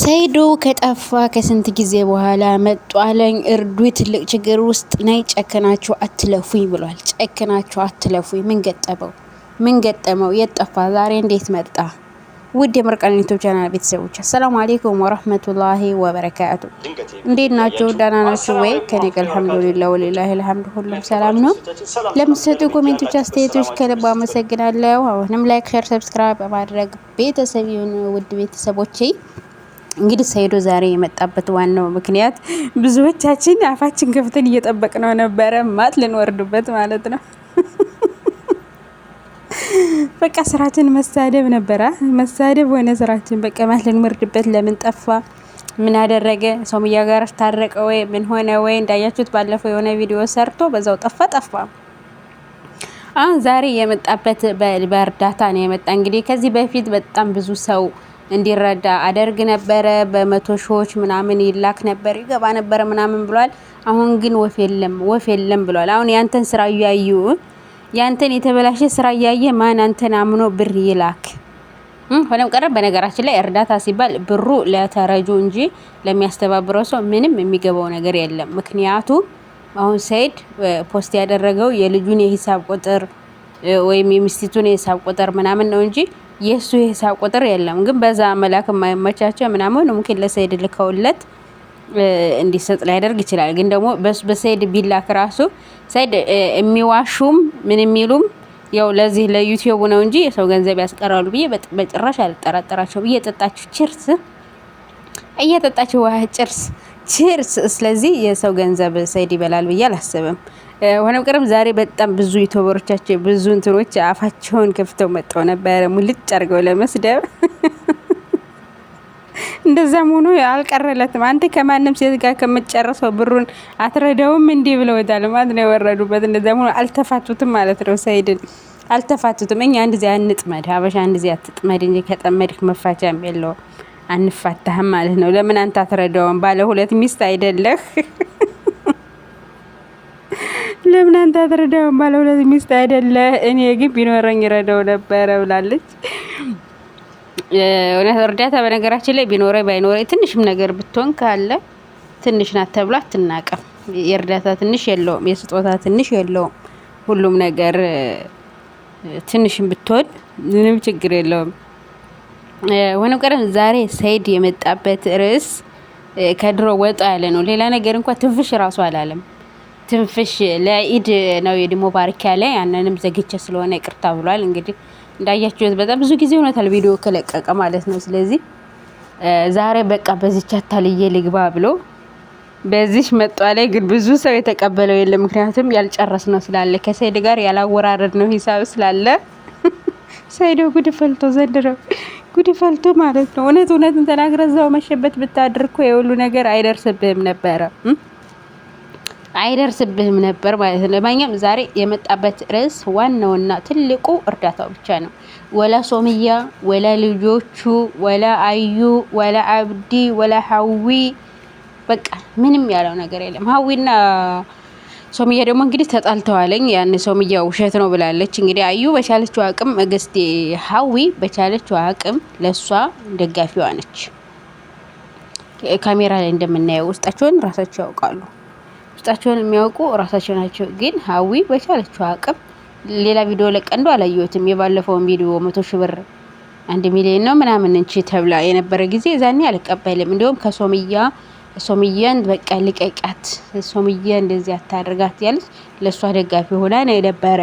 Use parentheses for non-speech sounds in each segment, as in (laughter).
ሰይዶ ከጠፋ ከስንት ጊዜ በኋላ መጧለኝ። እርዱ፣ ትልቅ ችግር ውስጥ ነይ፣ ጨክናችሁ አትለፉኝ ብሏል። ጨክናችሁ አትለፉኝ። ምን ገጠመው? ምን ገጠመው? የጠፋ ዛሬ እንዴት መጣ? ውድ የምርቃን ቻናል ቤተሰቦች አሰላሙ አሌይኩም ወረህመቱላሂ ወበረካቱ። እንዴት ናቸው? ደህና ናቸው ወይ? ከኔ ጋር አልሐምዱሊላ ወሊላሂ ልሐምድ ሁሉም ሰላም ነው። ለምትሰጡ ኮሜንቶች፣ አስተያየቶች ከልብ አመሰግናለሁ። አሁንም ላይክ፣ ሸር፣ ሰብስክራይብ በማድረግ ቤተሰብ የሆኑ ውድ ቤተሰቦቼ እንግዲህ ሰይዶ ዛሬ የመጣበት ዋናው ምክንያት ብዙዎቻችን አፋችን ከፍተን እየጠበቅ ነው ነበረ ማት ልንወርዱበት ማለት ነው። (laughs) በቃ ስራችን መሳደብ ነበረ። መሳደብ ሆነ ስራችን። በቃ ማት ልንወርድበት ለምን ጠፋ? ምን አደረገ? ሶምያ ጋር ታረቀ ወይ ምን ሆነ ወይ? እንዳያችሁት ባለፈው የሆነ ቪዲዮ ሰርቶ በዛው ጠፋ ጠፋ። አሁን ዛሬ የመጣበት በእርዳታ ነው የመጣ እንግዲህ ከዚህ በፊት በጣም ብዙ ሰው እንዲረዳ አደርግ ነበረ። በመቶ ሺዎች ምናምን ይላክ ነበር ይገባ ነበረ ምናምን ብሏል። አሁን ግን ወፍ የለም ወፍ የለም ብሏል። አሁን ያንተን ስራ እያዩ ያንተን የተበላሸ ስራ እያየ ማን አንተን አምኖ ብር ይላክ? ሆነም ቀረ። በነገራችን ላይ እርዳታ ሲባል ብሩ ለተረጁ እንጂ ለሚያስተባብረው ሰው ምንም የሚገባው ነገር የለም። ምክንያቱም አሁን ሰይድ ፖስት ያደረገው የልጁን የሂሳብ ቁጥር ወይም የሚስቲቱን የሂሳብ ቁጥር ምናምን ነው እንጂ የእሱ የሂሳብ ቁጥር የለም። ግን በዛ መላክ የማይመቻቸው ምናምን ሙኪን ለሰይድ ልከውለት እንዲሰጥ ሊያደርግ ይችላል። ግን ደግሞ በሰይድ ቢላክ ራሱ ሰይድ የሚዋሹም ምን የሚሉም ያው ለዚህ ለዩቲዩቡ ነው እንጂ የሰው ገንዘብ ያስቀራሉ ብዬ በጭራሽ አልጠራጠራቸው ብዬ የጠጣችሁ ችርስ እየጠጣችሁ ውሃ ጭርስ ችርስ። ስለዚህ የሰው ገንዘብ ሰይድ ይበላል ብዬ አላስብም። ሆነም ቀረም ዛሬ በጣም ብዙ ዩቱበሮቻቸው ብዙ እንትኖች አፋቸውን ከፍተው መጠው ነበረ ሙልጭ አድርገው ለመስደብ። (laughs) እንደዛ ሆኖ አልቀረለትም። አንተ ከማንም ሴት ጋር ከምትጨርሰው ብሩን አትረዳውም እንዲህ ብለውታል ማለት ነው የወረዱበት። እንደዛ ሆኖ አልተፋቱትም ማለት ነው ሰኢድን አልተፋቱትም። እኛ አንድ ጊዜ አንጥመድ ሀበሻ አንድ ጊዜ አትጥመድ እንጂ ከጠመድክ መፋቻም የለውም። አንፋታህም ማለት ነው። ለምን አንተ አትረዳውም? ባለ ሁለት ሚስት አይደለህ? (laughs) ለምን አንተ አትረዳውም? ባለሁለት ሚስት አይደለ? እኔ ግን ቢኖረኝ ረዳው ነበረ ብላለች። እውነት እርዳታ በነገራችን ላይ ቢኖረ ባይኖረ ትንሽም ነገር ብትሆን ካለ ትንሽ ናት ተብሎ አትናቀም። የእርዳታ ትንሽ የለውም፣ የስጦታ ትንሽ የለውም። ሁሉም ነገር ትንሽም ብትሆን ምንም ችግር የለውም። ሆነ ቀረም ዛሬ ሰይድ የመጣበት ርዕስ ከድሮ ወጣ ያለ ነው። ሌላ ነገር እንኳ ትንፍሽ ራሱ አላለም። ትንፍሽ ለኢድ ነው የኢድ ሙባረክ ያለ ያንንም ዘግቼ ስለሆነ ይቅርታ ብሏል። እንግዲህ እንዳያችሁት በጣም ብዙ ጊዜ ሆኖታል ቪዲዮ ከለቀቀ ማለት ነው። ስለዚህ ዛሬ በቃ በዚች አታልዬ ልግባ ብሎ በዚህ መጧ ላይ ግን ብዙ ሰው የተቀበለው የለም። ምክንያቱም ያልጨረስ ነው ስላለ ከሰይድ ጋር ያላወራረድ ነው ሂሳብ ስላለ (laughs) ሰይዶ ጉድ ፈልቶ ዘንድሮ ጉድ ፈልቶ ማለት ነው። እውነት እውነትን ተናግረዛው መሸበት ብታድር እኮ የሁሉ ነገር አይደርስብህም ነበረ። አይደርስብህም ነበር ማለት ነው። ለማንኛውም ዛሬ የመጣበት ርዕስ ዋናውና ትልቁ እርዳታው ብቻ ነው። ወላ ሶምያ፣ ወላ ልጆቹ፣ ወላ አዩ፣ ወላ አብዲ፣ ወላ ሀዊ በቃ ምንም ያለው ነገር የለም። ሀዊና ሶምያ ደግሞ እንግዲህ ተጣልተዋለኝ። ያን ሶምያ ውሸት ነው ብላለች። እንግዲህ አዩ በቻለችው አቅም እግስቴ ሀዊ በቻለችው አቅም ለእሷ ደጋፊዋ ነች። ካሜራ ላይ እንደምናየው ውስጣቸውን ራሳቸው ያውቃሉ። ውስጣቸውን የሚያውቁ እራሳቸው ናቸው። ግን ሀዊ በቻለችው አቅም ሌላ ቪዲዮ ለቀንዶ አላየሁትም። የባለፈውን ቪዲዮ መቶ ሺህ ብር አንድ ሚሊዮን ነው ምናምን እንቺ ተብላ የነበረ ጊዜ ዛኔ አልቀበልም። እንዲሁም ከሶምያ ሶምያን በቃ ልቀቃት፣ ሶምያ እንደዚህ አታደርጋት ያለች ለእሷ ደጋፊ ሆና ነው የነበረ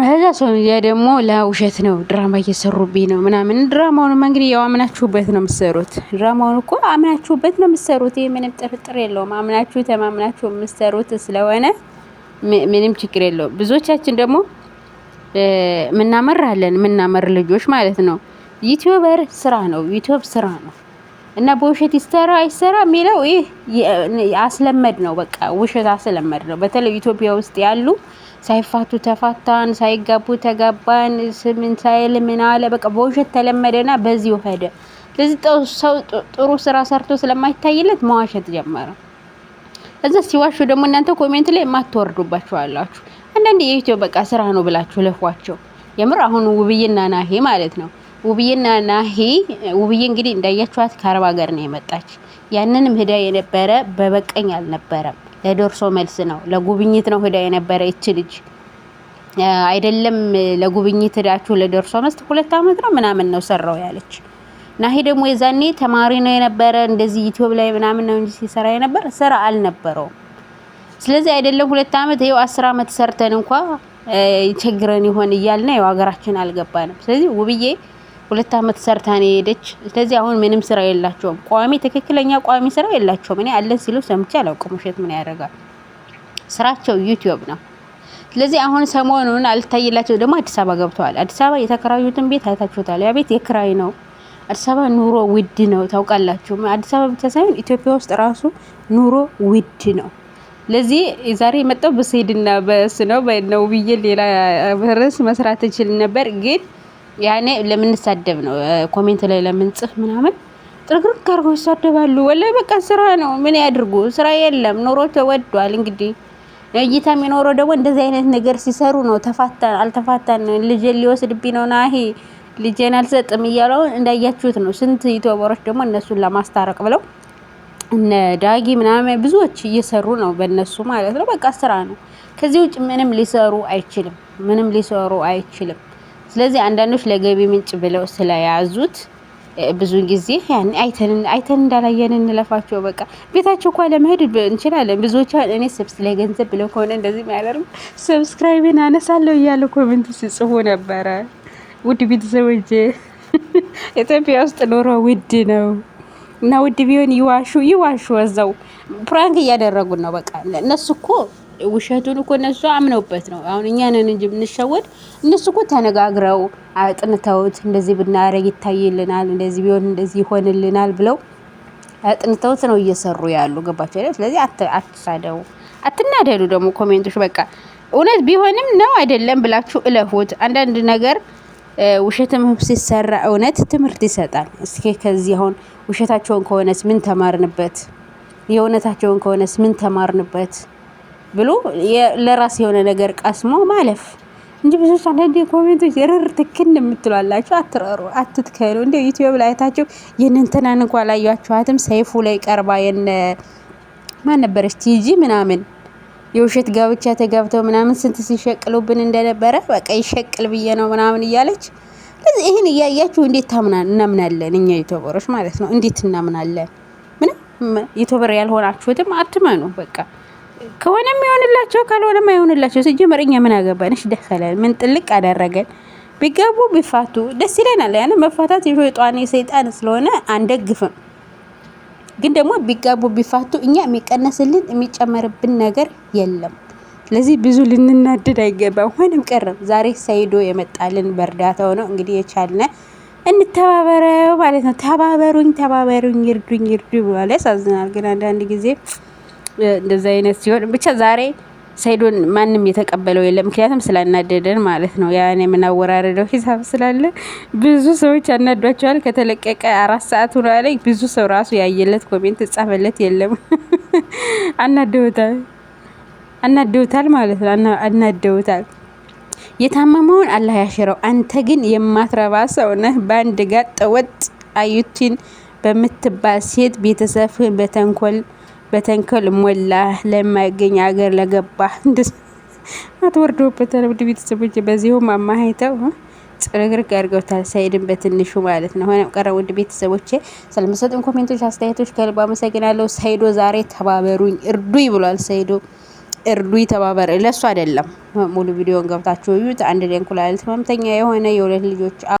ከዛ ሶንያ ደግሞ ለውሸት ነው ድራማ እየሰሩብኝ ነው ምናምን። ድራማውን እንግዲህ ያው አምናችሁበት ነው የምትሰሩት። ድራማውን እኮ አምናችሁበት ነው የምትሰሩት። ይህ ምንም ጥርጥር የለውም። አምናችሁ ተማምናችሁ የምትሰሩት ስለሆነ ምንም ችግር የለውም። ብዙዎቻችን ደግሞ ምናመራለን ምናመር ልጆች ማለት ነው። ዩቲዩበር ስራ ነው። ዩቲዩብ ስራ ነው። እና በውሸት ይሰራ አይሰራ የሚለው ይህ አስለመድ ነው። በቃ ውሸት አስለመድ ነው። በተለይ ኢትዮጵያ ውስጥ ያሉ ሳይፋቱ ተፋታን፣ ሳይጋቡ ተጋባን፣ ስምን ሳይል ምን አለ በቃ በውሸት ተለመደና በዚህ ውሄደ። ለዚህ ሰው ጥሩ ስራ ሰርቶ ስለማይታይለት መዋሸት ጀመረ። እዛ ሲዋሹ ደግሞ እናንተ ኮሜንት ላይ የማትወርዱባቸው አላችሁ። አንዳንድ የኢትዮ በቃ ስራ ነው ብላችሁ ለፏቸው። የምር አሁን ውብይና ናሄ ማለት ነው ውብዬና ናሂ ውብዬ እንግዲህ እንዳያችኋት ከአረብ ሀገር ነው የመጣች። ያንንም ህዳ የነበረ በበቀኝ አልነበረም፣ ለደርሶ መልስ ነው ለጉብኝት ነው ህዳ የነበረ ይች ልጅ አይደለም ለጉብኝት እዳችሁ ለደርሶ መስት ሁለት አመት ነው ምናምን ነው ሰራው ያለች። ናሂ ደግሞ የዛኔ ተማሪ ነው የነበረ እንደዚህ ዩቲዩብ ላይ ምናምን ነው እንጂ ሲሰራ የነበረ ስራ አልነበረውም። ስለዚህ አይደለም ሁለት አመት ይኸው አስር አመት ሰርተን እንኳ ችግረን ይሆን እያልን ነው ሀገራችን አልገባንም። ስለዚህ ውብዬ ሁለት አመት ሰርታ ነው የሄደች። ስለዚህ አሁን ምንም ስራ የላቸውም። ቋሚ ትክክለኛ ቋሚ ስራ የላቸውም። እኔ አለን ሲሉ ሰምቼ አላውቅም። ውሸት ምን ያደርጋል? ስራቸው ዩቲዩብ ነው። ስለዚህ አሁን ሰሞኑን አልታየላቸው ደግሞ አዲስ አበባ ገብተዋል። አዲስ አበባ የተከራዩትን ቤት አይታችሁታል። ያ ቤት የክራይ ነው። አዲስ አበባ ኑሮ ውድ ነው ታውቃላችሁ። አዲስ አበባ ብቻ ሳይሆን ኢትዮጵያ ውስጥ ራሱ ኑሮ ውድ ነው። ለዚህ ዛሬ የመጣው በሰይድና በስ ነው ነው ብዬ ሌላ ርዕስ መስራት እችል ነበር ግን ያኔ ለምንሳደብ ነው ኮሜንት ላይ ለምንጽፍ ምናምን ጥርግርግ አድርገው ይሳደባሉ። ወላሂ በቃ ስራ ነው። ምን ያድርጉ? ስራ የለም። ኑሮ ተወዷል። እንግዲህ እይታ የሚኖረው ደግሞ እንደዚህ አይነት ነገር ሲሰሩ ነው። ተፋታን አልተፋታን፣ ልጄን ሊወስድብኝ ነው፣ ናሂ ልጄን አልሰጥም እያለው እንዳያችሁት ነው። ስንት ዩቲዩበሮች ደግሞ እነሱን ለማስታረቅ ብለው እነ ዳጊ ምናምን ብዙዎች እየሰሩ ነው፣ በእነሱ ማለት ነው። በቃ ስራ ነው። ከዚህ ውጭ ምንም ሊሰሩ አይችልም። ምንም ሊሰሩ አይችልም። ስለዚህ አንዳንዶች ለገቢ ምንጭ ብለው ስለያዙት ብዙ ጊዜ አይተን እንዳላየን እንለፋቸው። በቃ ቤታቸው እኳ ለመሄድ እንችላለን። ብዙዎች እኔ ስብስ ላይ ገንዘብ ብለው ከሆነ እንደዚህ የሚያደርጉ ሰብስክራይቤን አነሳለሁ እያለ ኮሜንት ሲጽፉ ነበረ። ውድ ቤተሰቦች (laughs) ኢትዮጵያ ውስጥ ኑሮ ውድ ነው እና ውድ ቢሆን ይዋሹ ይዋሹ፣ እዛው ፕራንክ እያደረጉን ነው። በቃ እነሱ እኮ ውሸቱን እኮ እነሱ አምነውበት ነው። አሁን እኛንን እንጂ ብንሸወድ እነሱ እኮ ተነጋግረው አጥንተውት እንደዚህ ብናረግ ይታይልናል፣ እንደዚህ ቢሆን እንደዚህ ይሆንልናል ብለው አጥንተውት ነው እየሰሩ ያሉ። ገባቸው አይደል? ስለዚህ አትሳደቡ፣ አትናደዱ። ደግሞ ኮሜንቶች በቃ እውነት ቢሆንም ነው አይደለም ብላችሁ እለፉት። አንዳንድ ነገር ውሸትም ሲሰራ እውነት ትምህርት ይሰጣል። እስኪ ከዚህ አሁን ውሸታቸውን ከሆነስ ምን ተማርንበት? የእውነታቸውን ከሆነስ ምን ተማርንበት? ብሎ ለራስ የሆነ ነገር ቀስሞ ማለፍ እንጂ ብዙ አንዳንዴ ኮሜንቶች ርር ትክን የምትሏላችሁ አትረሩ፣ አትትከሉ። እንደ ዩትዩብ ላይ አይታችሁ የእነንትናን እንኳ ላያችኋትም ሰይፉ ላይ ቀርባ የነ ማን ነበረች ቲጂ ምናምን የውሸት ጋብቻ ተጋብተው ምናምን ስንት ሲሸቅሉብን እንደነበረ በቃ ይሸቅል ብዬ ነው ምናምን እያለች ለዚህ ይህን እያያችሁ እንዴት እናምናለን እኛ ዩቱበሮች ማለት ነው። እንዴት እናምናለን? ምንም ዩቱበር ያልሆናችሁትም አትመኑ በቃ ከሆነም ይሆንላቸው፣ ካልሆነም አይሆንላቸው። ሲጀመር እኛ ምን አገባን? እሺ ምን ጥልቅ አደረገን? ቢገቡ ቢፋቱ ደስ ይለናል። ያን መፋታት የሸይጣን የሰይጣን ስለሆነ አንደግፍም። ግን ደግሞ ቢጋቡ ቢፋቱ እኛ የሚቀነስልን የሚጨመርብን ነገር የለም። ስለዚህ ብዙ ልንናደድ አይገባም። ሆንም ቀረም ዛሬ ሰይዶ የመጣልን በእርዳታ ሆኖ እንግዲህ የቻልነ እንተባበረ ማለት ነው። ተባበሩኝ፣ ተባበሩኝ፣ ይርዱኝ፣ ይርዱ ማለት ያሳዝናል። ግን አንዳንድ ጊዜ እንደዚ አይነት ሲሆን ብቻ ዛሬ ሰይዶን ማንም የተቀበለው የለም። ምክንያቱም ስላናደደን ማለት ነው። ያን የምናወራረደው ሂሳብ ስላለ ብዙ ሰዎች ያናዷቸዋል። ከተለቀቀ አራት ሰዓት ሆነ ላይ ብዙ ሰው ራሱ ያየለት ኮሜንት ጻፈለት የለም። (laughs) አናደውታል፣ አናደውታል ማለት ነው። አናደውታል። የታመመውን አላህ ያሽረው። አንተ ግን የማትረባ ሰው ነህ። በአንድ ጋጥ ጠወጥ አዩቲን በምትባል ሴት ቤተሰብህን በተንኮል በተንከል ሞላ ለማይገኝ አገር ለገባ አትወርዶበት ውድ ቤተሰቦች በዚሁም አማሀይተው ጥርግርግ አድርገውታል። ሳይድን በትንሹ ማለት ነው። ሆነም ቀረ ውድ ቤተሰቦች ስለምሰጡን ኮሜንቶች፣ አስተያየቶች ከልብ አመሰግናለሁ። ሳይዶ ዛሬ ተባበሩኝ እርዱኝ ብሏል። ሳይዶ እርዱኝ ተባበር ለሱ አይደለም። ሙሉ ቪዲዮን ገብታችሁ እዩት። አንድ ላይ እንቁላል ህመምተኛ የሆነ የሁለት ልጆች